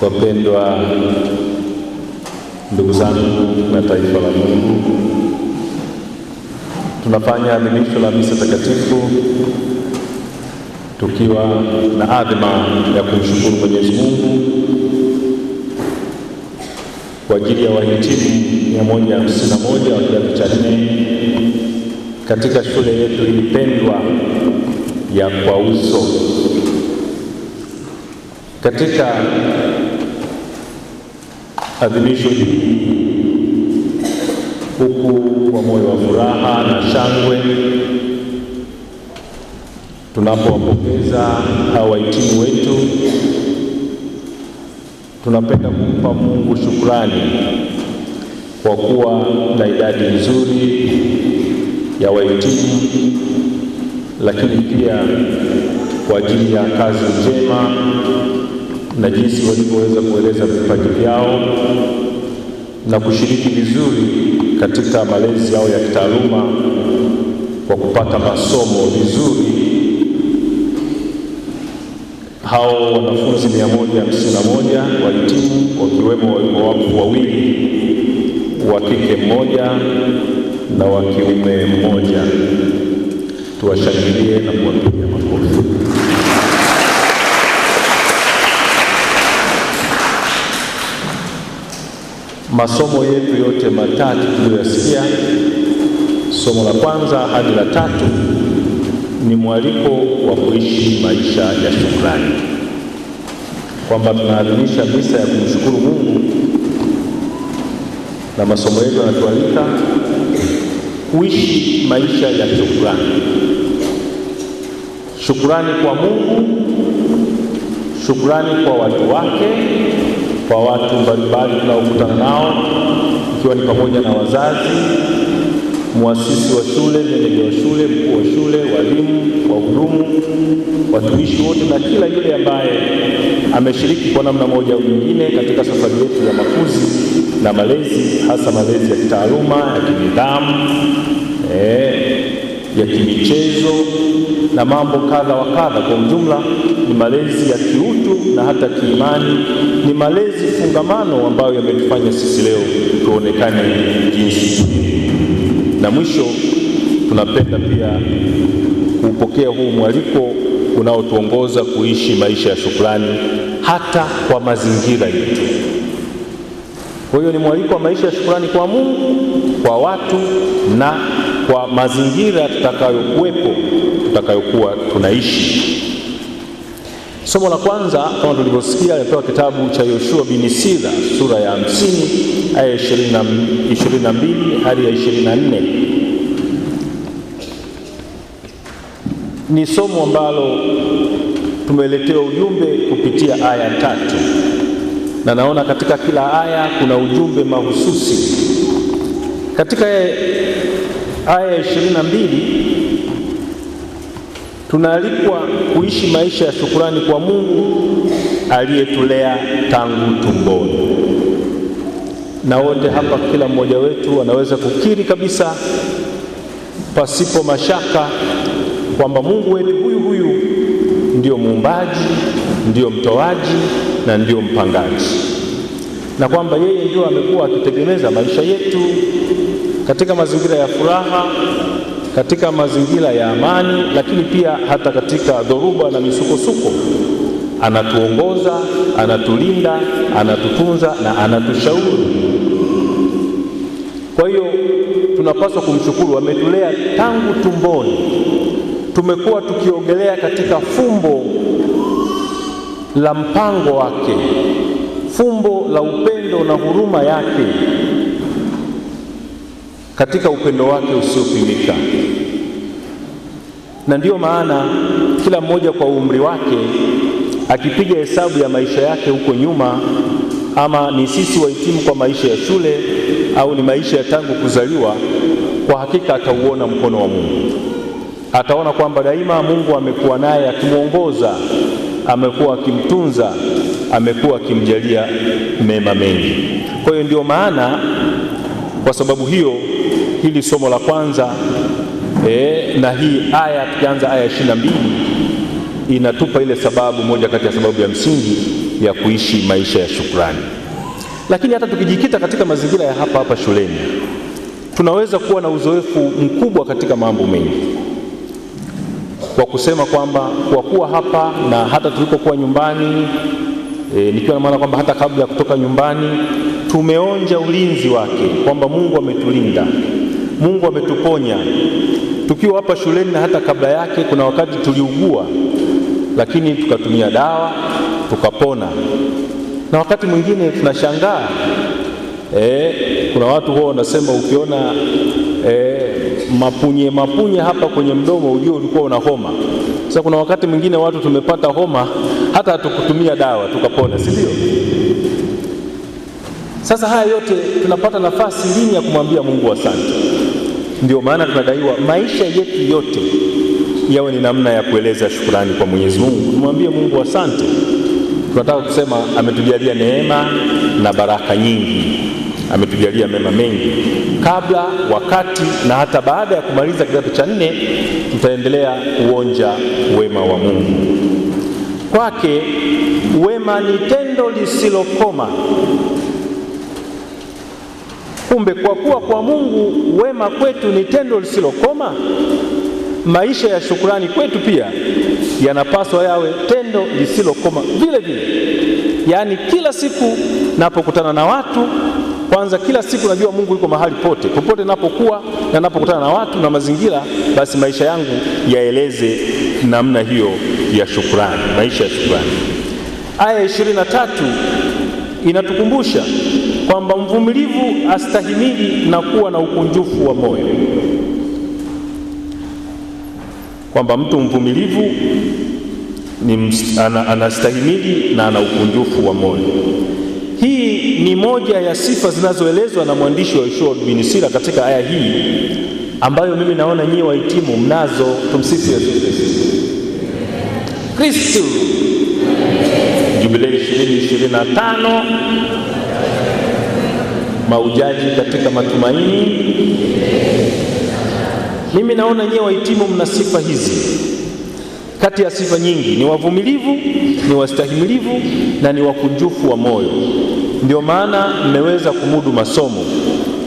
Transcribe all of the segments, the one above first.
Wapendwa ndugu zangu na taifa la Mungu, tunafanya adhimisho la misa takatifu tukiwa na adhima ya kumshukuru Mwenyezi Mungu kwa ajili ya wahitimu mia moja hamsini na moja wa kidato cha nne katika shule yetu ilipendwa ya KWAUSO katika adhimisho hili huku kwa moyo wa furaha na shangwe tunapowapongeza hawa wahitimu wetu, tunapenda kumpa Mungu shukrani kwa kuwa na idadi nzuri ya wahitimu, lakini pia kwa ajili ya kazi njema na jinsi walivyoweza kueleza vipaji vyao na kushiriki vizuri katika malezi yao ya kitaaluma kwa kupata masomo vizuri. Hao wanafunzi 151 wa wakiwemo walimu wawili wa kike mmoja na wa kiume mmoja. Tuwashangilie na kuwapigia makofi. masomo yetu yote matatu tuliyoyasikia, somo la kwanza hadi la tatu, ni mwaliko wa kuishi maisha ya shukrani, kwamba tunaadhimisha misa ya kumshukuru Mungu na masomo yetu yanatualika kuishi maisha ya shukrani, shukrani kwa Mungu, shukrani kwa watu wake kwa watu mbalimbali tunaokutana nao, ikiwa ni pamoja na wazazi, muasisi wa shule, meneja wa shule, mkuu wa shule, walimu, wahudumu, watumishi wote na kila yule ambaye ameshiriki kwa namna moja au nyingine katika safari yetu ya makuzi na malezi, hasa malezi ya kitaaluma, ya kinidhamu, eh, ya kimichezo na mambo kadha wa kadha. Kwa ujumla ni malezi ya kiutu na hata kiimani, ni malezi fungamano ambayo yametufanya sisi leo tuonekane jinsi. Na mwisho tunapenda pia kupokea huu mwaliko unaotuongoza kuishi maisha ya shukrani hata kwa mazingira yetu. Kwa hiyo ni mwaliko wa maisha ya shukrani kwa Mungu, kwa watu na kwa mazingira tutakayokuwepo, tutakayokuwa tunaishi. Somo la kwanza kama tulivyosikia limepewa kitabu cha Yoshua bin Sira sura ya 50 aya 22 hadi ya 24. Ni somo ambalo tumeletewa ujumbe kupitia aya tatu, na naona katika kila aya kuna ujumbe mahususi. Katika aya ya 22 Tunaalikwa kuishi maisha ya shukurani kwa Mungu aliyetulea tangu tumboni, na wote hapa, kila mmoja wetu anaweza kukiri kabisa pasipo mashaka kwamba Mungu wetu huyu huyu ndio muumbaji, ndio mtoaji na ndiyo mpangaji, na kwamba yeye ndio amekuwa akitegemeza maisha yetu katika mazingira ya furaha katika mazingira ya amani, lakini pia hata katika dhoruba na misukosuko anatuongoza, anatulinda, anatutunza na anatushauri. Kwa hiyo tunapaswa kumshukuru, ametulea tangu tumboni. Tumekuwa tukiogelea katika fumbo la mpango wake, fumbo la upendo na huruma yake, katika upendo wake usiopimika. Na ndiyo maana kila mmoja kwa umri wake akipiga hesabu ya maisha yake huko nyuma, ama ni sisi wahitimu kwa maisha ya shule au ni maisha ya tangu kuzaliwa, kwa hakika atauona mkono wa Mungu. Ataona kwamba daima Mungu amekuwa naye akimwongoza, amekuwa akimtunza, amekuwa akimjalia mema mengi. Kwa hiyo ndio maana, kwa sababu hiyo, hili somo la kwanza e, na hii aya tukianza aya ishirini na mbili inatupa ile sababu moja kati ya sababu ya msingi ya kuishi maisha ya shukrani. Lakini hata tukijikita katika mazingira ya hapa hapa shuleni, tunaweza kuwa na uzoefu mkubwa katika mambo mengi, kwa kusema kwamba kwa kuwa hapa na hata tulipokuwa nyumbani e, nikiwa na maana kwamba hata kabla ya kutoka nyumbani tumeonja ulinzi wake, kwamba Mungu ametulinda, Mungu ametuponya Tukiwa hapa shuleni na hata kabla yake, kuna wakati tuliugua, lakini tukatumia dawa tukapona. Na wakati mwingine tunashangaa e, kuna watu huwa wanasema ukiona e, mapunye mapunye hapa kwenye mdomo ujue ulikuwa una homa. Sasa kuna wakati mwingine watu tumepata homa hata hatukutumia dawa tukapona, si ndio? Sasa haya yote tunapata nafasi lini ya kumwambia Mungu asante? Ndio maana tunadaiwa maisha yetu yote yawe ni namna ya kueleza shukurani kwa Mwenyezi Mungu, tumwambie Mungu asante. Tunataka kusema ametujalia neema na baraka nyingi, ametujalia mema mengi. Kabla, wakati na hata baada ya kumaliza kidato cha nne, tutaendelea kuonja wema wa Mungu. Kwake wema ni tendo lisilokoma Kumbe kwa kuwa kwa Mungu wema kwetu ni tendo lisilokoma, maisha ya shukurani kwetu pia yanapaswa yawe tendo lisilokoma vile vile. Yaani kila siku napokutana na watu kwanza, kila siku najua Mungu yuko mahali pote, popote napokuwa na napokutana na watu na mazingira, basi maisha yangu yaeleze namna hiyo ya shukurani, maisha ya shukurani. Aya 23 inatukumbusha kwamba mvumilivu astahimili na kuwa na ukunjufu wa moyo, kwamba mtu mvumilivu ni anastahimili na ana ukunjufu wa moyo. Hii ni moja ya sifa zinazoelezwa na mwandishi wa Yoshua bin Sira katika aya hii ambayo mimi naona nyie wahitimu mnazo. Tumsifu Yesu Kristo. Jubilei 2025 maujaji katika matumaini. Mimi naona nyewe wahitimu mna sifa hizi. Kati ya sifa nyingi ni wavumilivu, ni wastahimilivu na ni wakunjufu wa moyo, ndio maana mmeweza kumudu masomo.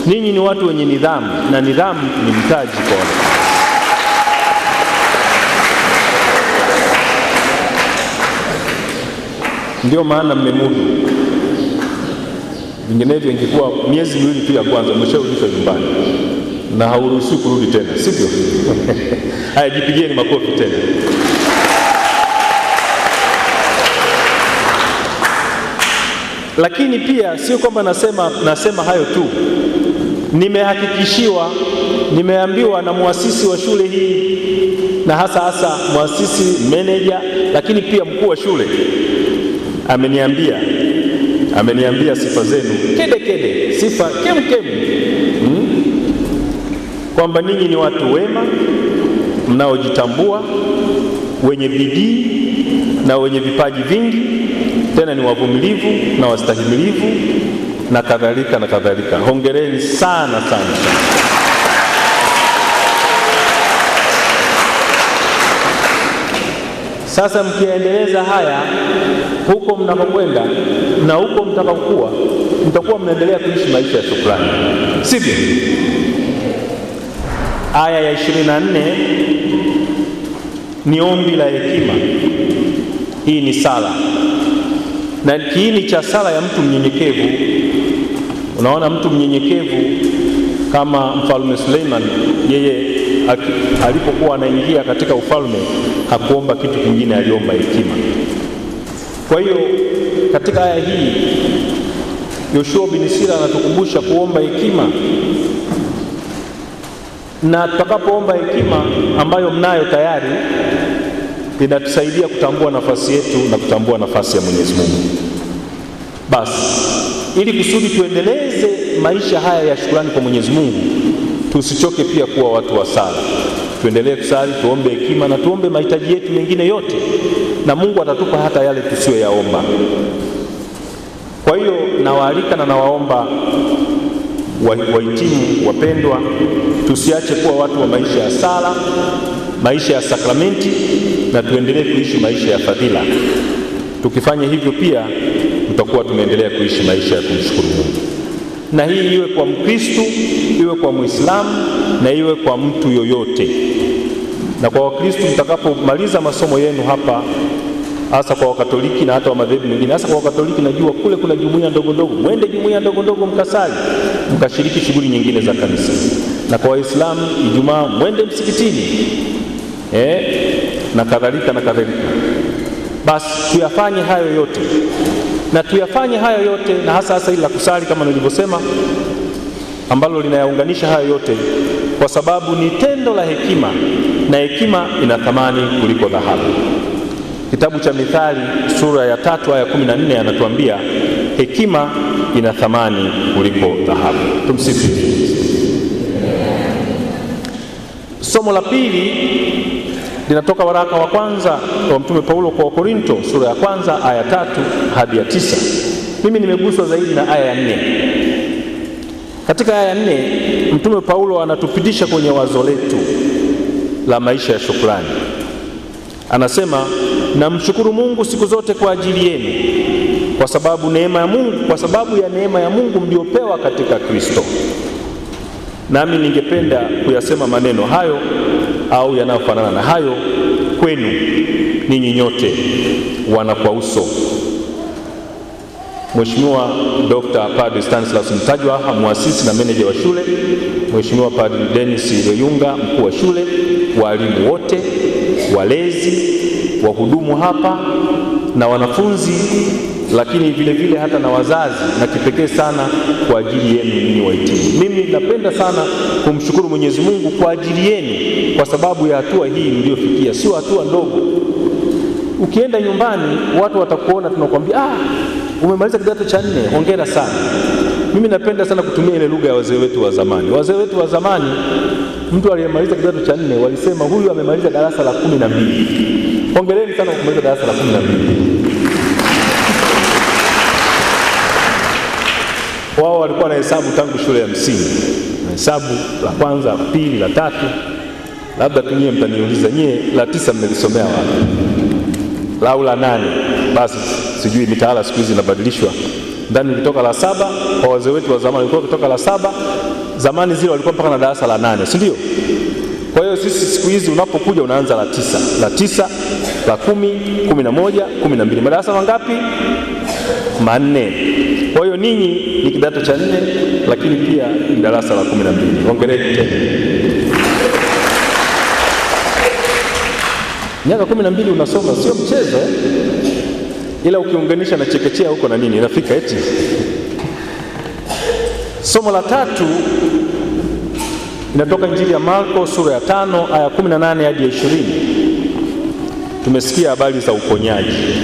Ninyi ni watu wenye nidhamu na nidhamu ni mtaji kwa wale. Ndio maana mmemudu. Vinginevyo ingekuwa miezi miwili tu ya kwanza umesharudishwa nyumbani na hauruhusiwi kurudi tena, sivyo? Haya, jipigieni makofi tena. Lakini pia sio kwamba nasema, nasema hayo tu. Nimehakikishiwa, nimeambiwa na muasisi wa shule hii na hasa hasa muasisi, meneja, lakini pia mkuu wa shule ameniambia ameniambia sifa zenu kede kede, sifa kem kem, hmm? kwamba ninyi ni watu wema mnaojitambua, wenye bidii na wenye vipaji vingi, tena ni wavumilivu na wastahimilivu na kadhalika na kadhalika. Hongereni sana sana. Sasa mkiendeleza haya huko mnapokwenda na huko mtakapokuwa, mtakuwa mnaendelea kuishi maisha ya shukrani, sivyo? Aya ya 24 ni ombi la hekima. Hii ni sala na kiini cha sala ya mtu mnyenyekevu. Unaona, mtu mnyenyekevu kama mfalme Suleiman, yeye alipokuwa anaingia katika ufalme hakuomba kitu kingine, aliomba hekima. Kwa hiyo katika aya hii Yoshua bin Sira anatukumbusha kuomba hekima, na tutakapoomba hekima ambayo mnayo tayari inatusaidia kutambua nafasi yetu na kutambua nafasi ya Mwenyezi Mungu. Basi ili kusudi tuendeleze maisha haya ya shukrani kwa Mwenyezi Mungu, tusichoke pia kuwa watu wa sala. Tuendelee kusali, tuombe hekima na tuombe mahitaji yetu mengine yote na Mungu atatupa hata yale tusiyoyaomba. Kwa hiyo nawaalika na nawaomba wahitimu wapendwa, tusiache kuwa watu wa maisha ya sala, maisha ya sakramenti, na tuendelee kuishi maisha ya fadhila. Tukifanya hivyo, pia tutakuwa tumeendelea kuishi maisha ya kumshukuru Mungu, na hii iwe kwa Mkristu, iwe kwa Mwislamu, na iwe kwa mtu yoyote. Na kwa Wakristu, mtakapomaliza masomo yenu hapa hasa kwa Wakatoliki na hata wa madhehebu mengine. Hasa kwa Wakatoliki najua kule kuna jumuiya ndogo ndogo, mwende jumuiya ndogo ndogo mkasali, mkashiriki shughuli nyingine za kanisa. Na kwa Waislamu Ijumaa mwende msikitini eh, na kadhalika na kadhalika. Basi tuyafanye hayo yote na tuyafanye hayo yote, na hasa hasa ili la kusali kama nilivyosema, ambalo linayaunganisha hayo yote, kwa sababu ni tendo la hekima na hekima ina thamani kuliko dhahabu. Kitabu cha Mithali sura ya tatu aya kumi na nne anatuambia hekima ina thamani kuliko dhahabu. Tumsifu. Somo la pili linatoka waraka wa kwanza wa Mtume Paulo kwa Wakorinto sura ya kwanza aya tatu hadi ya tisa. Mimi nimeguswa zaidi na aya ya nne. Katika aya ya nne Mtume Paulo anatupitisha kwenye wazo letu la maisha ya shukrani, anasema namshukuru Mungu siku zote kwa ajili yenu, kwa sababu neema ya Mungu, kwa sababu ya neema ya Mungu mliopewa katika Kristo. Nami ningependa kuyasema maneno hayo au yanayofanana na hayo kwenu ninyi nyote wana uso Mheshimiwa Dr. Padre Stanislaus Ntajwaha, mwasisi na meneja wa shule, Mheshimiwa Padre Dennis Loyunga, mkuu wa shule, walimu wote, walezi wahudumu hapa na wanafunzi, lakini vile vile hata na wazazi, na kipekee sana kwa ajili yenu ninyi wahitimu. Mimi napenda sana kumshukuru Mwenyezi Mungu kwa ajili yenu, kwa sababu ya hatua hii mliyofikia, sio hatua ndogo. Ukienda nyumbani, watu watakuona, tunakwambia ah, umemaliza kidato cha nne, hongera sana. Mimi napenda sana kutumia ile lugha ya wazee wetu wa zamani. Wazee wetu wa zamani, mtu aliyemaliza kidato cha nne walisema huyu amemaliza darasa la kumi na mbili. Hongereni sana kumaliza darasa la kumi na mbili. Wao walikuwa na hesabu tangu shule ya msingi, na hesabu la kwanza, la pili, la tatu. Labda nyie mtaniuliza nyie, la tisa mmelisomea wapi? Lau la nane, basi sijui, mitaala siku hizi inabadilishwa ndani kitoka la saba. Kwa wazee wetu wa zamani walikuwa la saba, zamani zile walikuwa mpaka na darasa la nane, si ndio? hiyo sisi siku hizi unapokuja unaanza la tisa, la tisa, la kumi, kumi na moja, kumi na mbili. Madarasa mangapi? Manne. Kwa hiyo ninyi ni kidato cha nne, lakini pia ni darasa la kumi na mbili. Hongereni tena. Miaka kumi na mbili unasoma, sio mchezo, eh? ila ukiunganisha na chekechea huko na nini inafika eti. Somo la tatu inatoka Injili ya Marko sura ya tano aya 18 hadi ya 20. Tumesikia habari za uponyaji.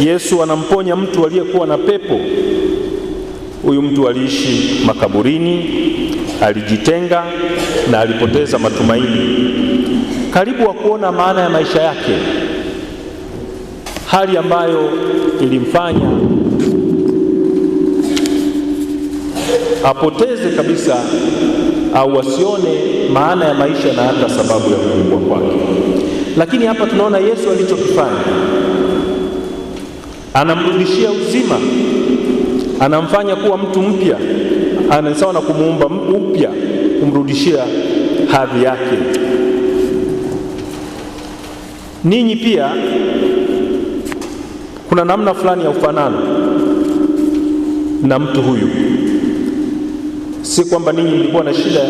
Yesu anamponya mtu aliyekuwa na pepo. Huyu mtu aliishi makaburini, alijitenga na alipoteza matumaini karibu wa kuona maana ya maisha yake, hali ambayo ilimfanya apoteze kabisa au asione maana ya maisha na hata sababu ya kuugua kwake. Lakini hapa tunaona Yesu alichokifanya, anamrudishia uzima, anamfanya kuwa mtu mpya, ana sawa na kumuumba upya, kumrudishia hadhi yake. Ninyi pia kuna namna fulani ya ufanano na mtu huyu si kwamba ninyi mlikuwa na shida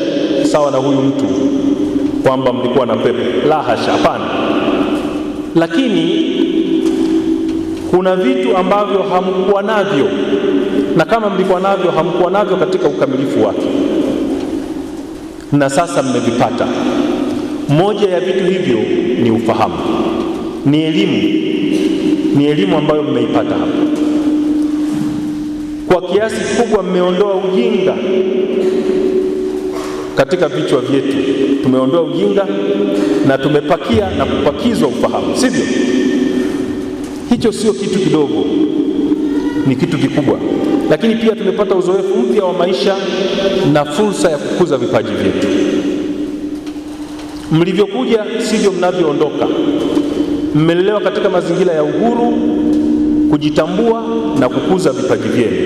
sawa na huyu mtu kwamba mlikuwa na pepo, la hasha, hapana. Lakini kuna vitu ambavyo hamkuwa navyo, na kama mlikuwa navyo, hamkuwa navyo katika ukamilifu wake, na sasa mmevipata. Moja ya vitu hivyo ni ufahamu, ni elimu, ni elimu ambayo mmeipata hapa kwa kiasi kikubwa mmeondoa ujinga katika vichwa vyetu, tumeondoa ujinga na tumepakia na kupakizwa ufahamu, sivyo? Hicho sio kitu kidogo, ni kitu kikubwa. Lakini pia tumepata uzoefu mpya wa maisha na fursa ya kukuza vipaji vyetu. Mlivyokuja sivyo mnavyoondoka. Mmelelewa katika mazingira ya uhuru kujitambua na kukuza vipaji vyenu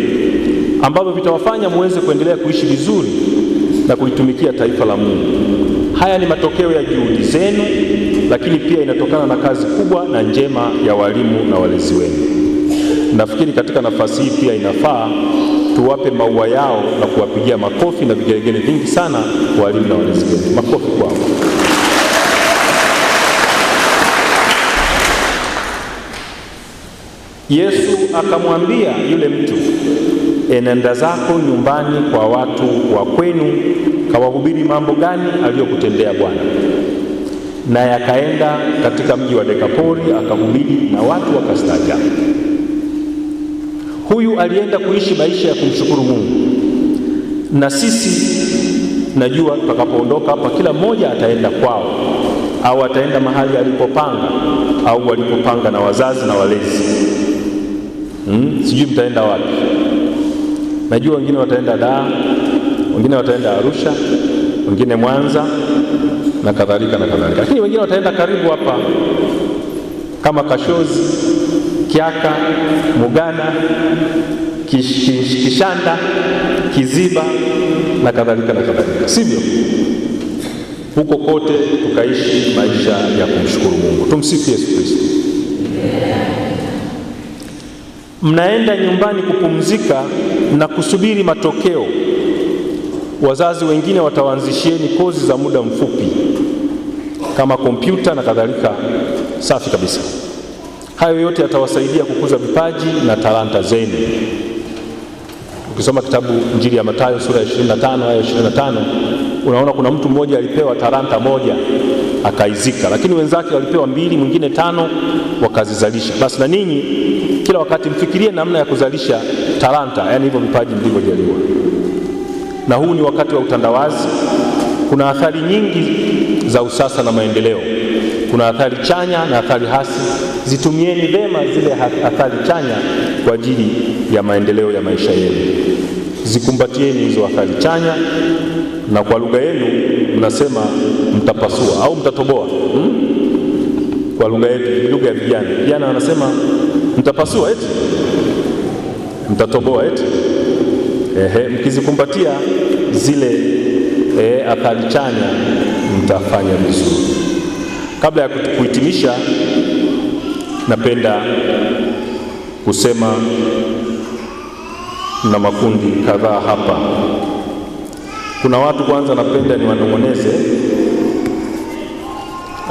ambavyo vitawafanya muweze kuendelea kuishi vizuri na kulitumikia taifa la Mungu. Haya ni matokeo ya juhudi zenu, lakini pia inatokana na kazi kubwa na njema ya walimu na walezi wenu. Nafikiri katika nafasi hii pia inafaa tuwape maua yao na kuwapigia makofi na vigelegele vingi sana walimu na walezi wenu. Makofi kwao. Yesu akamwambia yule mtu, enenda zako nyumbani kwa watu wa kwenu, kawahubiri mambo gani aliyokutendea Bwana. Naye akaenda katika mji wa Dekapoli akahubiri, na watu wakastaajabu. Huyu alienda kuishi maisha ya kumshukuru Mungu, na sisi najua tutakapoondoka hapa, kila mmoja ataenda kwao au ataenda mahali alipopanga au walipopanga na wazazi na walezi hmm? Sijui mtaenda wapi. Najua wengine wataenda Dar, wengine wataenda Arusha, wengine Mwanza na kadhalika na kadhalika, lakini wengine wataenda karibu hapa kama Kashozi, Kiaka, Mugana, Kishanda, Kiziba na kadhalika na kadhalika, sivyo? Huko kote tukaishi maisha ya kumshukuru Mungu. Tumsifu Yesu Kristo mnaenda nyumbani kupumzika na kusubiri matokeo, wazazi wengine watawaanzishieni kozi za muda mfupi kama kompyuta na kadhalika. Safi kabisa. Hayo yote yatawasaidia kukuza vipaji na talanta zenu. Ukisoma kitabu Injili ya Mathayo sura ya 25 aya 25, unaona kuna mtu mmoja alipewa talanta moja akaizika, lakini wenzake walipewa mbili, mwingine tano, wakazizalisha. Basi na ninyi kila wakati mfikirie namna ya kuzalisha talanta, yani hivyo vipaji mlivyojaliwa. Na huu ni wakati wa utandawazi. Kuna athari nyingi za usasa na maendeleo, kuna athari chanya na athari hasi. Zitumieni vema zile athari chanya kwa ajili ya maendeleo ya maisha yenu. Zikumbatieni hizo athari chanya, na kwa lugha yenu mnasema mtapasua au mtatoboa hmm? Kwa lugha yetu, lugha ya vijana, vijana wanasema mtapasua eti, mtatoboa eti. Ehe, mkizikumbatia zile e, athari chanya mtafanya vizuri. Kabla ya kuhitimisha, napenda kusema na makundi kadhaa hapa. Kuna watu kwanza, napenda niwanong'oneze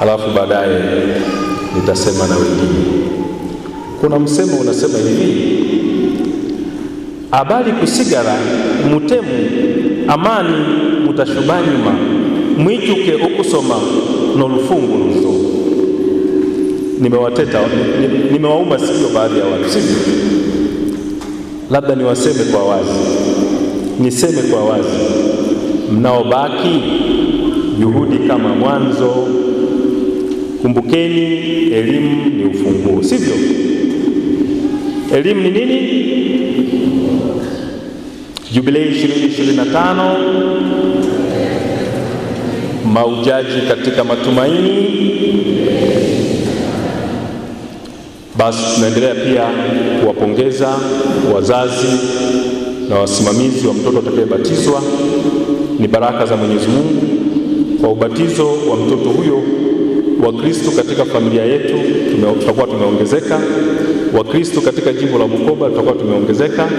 alafu baadaye nitasema na wengine. Kuna msemo unasema hivi, abali kusigara mutemu amani mutashubanyuma ukusoma no lufungu luzo. Nimewateta, nimewauma sikio baadhi ya watu, sivyo? Labda niwaseme kwa wazi, niseme kwa wazi, mnaobaki juhudi kama mwanzo Kumbukeni, elimu ni ufunguo, sivyo? Elimu ni nini? Jubilei 2025 maujaji katika matumaini. Basi tunaendelea pia kuwapongeza wazazi na wasimamizi wa mtoto atakayebatizwa. Ni baraka za Mwenyezi Mungu kwa ubatizo wa mtoto huyo. Wakristo katika familia yetu tutakuwa tumeongezeka, Wakristo katika jimbo la Bukoba tutakuwa tumeongezeka,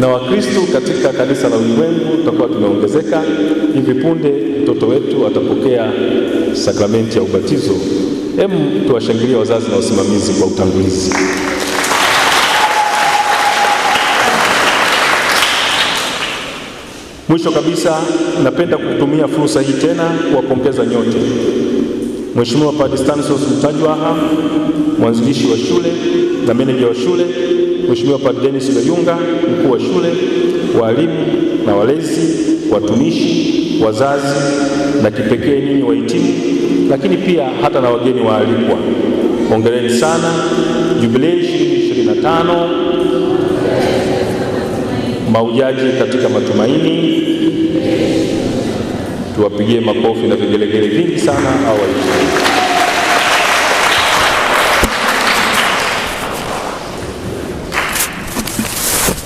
na Wakristo katika kanisa la ulimwengu tutakuwa tumeongezeka. Hivi punde mtoto wetu atapokea sakramenti ya ubatizo. Hem, tuwashangilie wazazi na wasimamizi kwa utangulizi. Mwisho kabisa, napenda kutumia fursa hii tena kuwapongeza nyote Mheshimiwa Padre Stanslaus Rutajwaha, mwanzilishi wa shule na meneja wa shule, Mheshimiwa Padre Dennis Gayunga, mkuu wa shule, walimu na walezi, watumishi, wazazi na kipekee ninyi wahitimu, lakini pia hata na wageni waalikwa, hongereni sana. Jubilei 2025 maujaji katika matumaini tuwapigie makofi na vigelegele vingi sana hawa